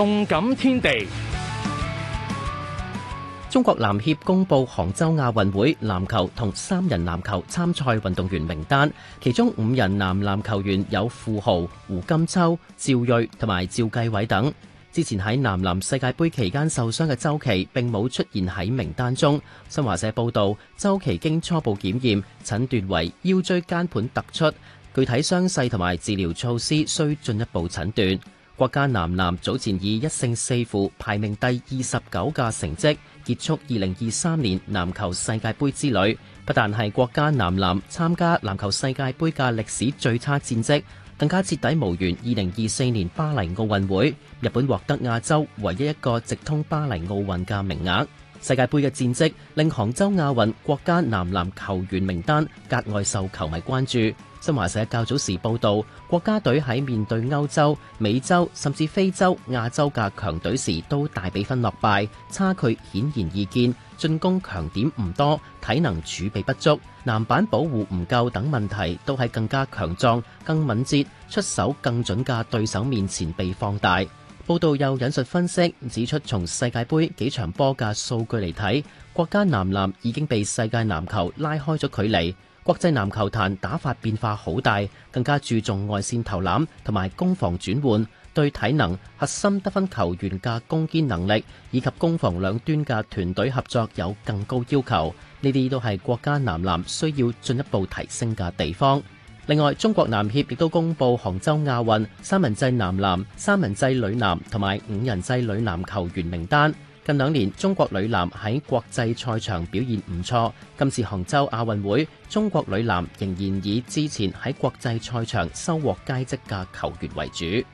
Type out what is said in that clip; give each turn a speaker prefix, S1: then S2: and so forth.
S1: 動感天地，中國籃協公布杭州亞運會籃球同三人籃球參賽運動員名單，其中五人男籃球員有富豪、胡金秋、趙睿同埋趙繼偉等。之前喺男籃世界杯期間受傷嘅周琦，並冇出現喺名單中。新華社報道，周琦經初步檢驗，診斷為腰椎間盤突出，具體傷勢同埋治療措施需進一步診斷。國家男籃早前以一勝四負排名第二十九嘅成績結束二零二三年籃球世界杯之旅，不但係國家男籃參加籃球世界杯嘅歷史最差戰績，更加徹底無緣二零二四年巴黎奧運會。日本獲得亞洲唯一一個直通巴黎奧運嘅名額。世界盃嘅戰績令杭州亞運國家男籃球員名單格外受球迷關注。新華社較早時報道，國家隊喺面對歐洲、美洲甚至非洲、亞洲嘅強隊時都大比分落敗，差距顯然易見，進攻強點唔多，體能儲備不足，籃板保護唔夠等問題都喺更加強壯、更敏捷、出手更準嘅對手面前被放大。報道又引述分析指出，從世界盃幾場波嘅數據嚟睇，國家男籃已經被世界籃球拉開咗距離。國際籃球壇打法變化好大，更加注重外線投籃同埋攻防轉換，對體能、核心得分球員嘅攻堅能力以及攻防兩端嘅團隊合作有更高要求。呢啲都係國家男籃需要進一步提升嘅地方。另外，中國籃協亦都公布杭州亞運三人制男籃三人制女籃同埋五人制女籃球員名單。近兩年，中國女籃喺國際賽場表現唔錯，今次杭州亞運會，中國女籃仍然以之前喺國際賽場收穫佳績嘅球員為主。